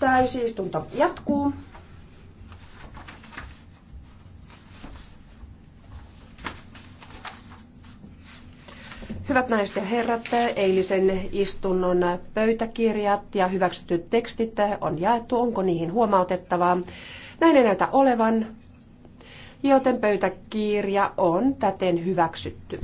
Täysistunto jatkuu. Hyvät naiset ja herrat, eilisen istunnon pöytäkirjat ja hyväksytyt tekstit on jaettu. Onko niihin huomautettavaa? Näin ei näytä olevan, joten pöytäkirja on täten hyväksytty.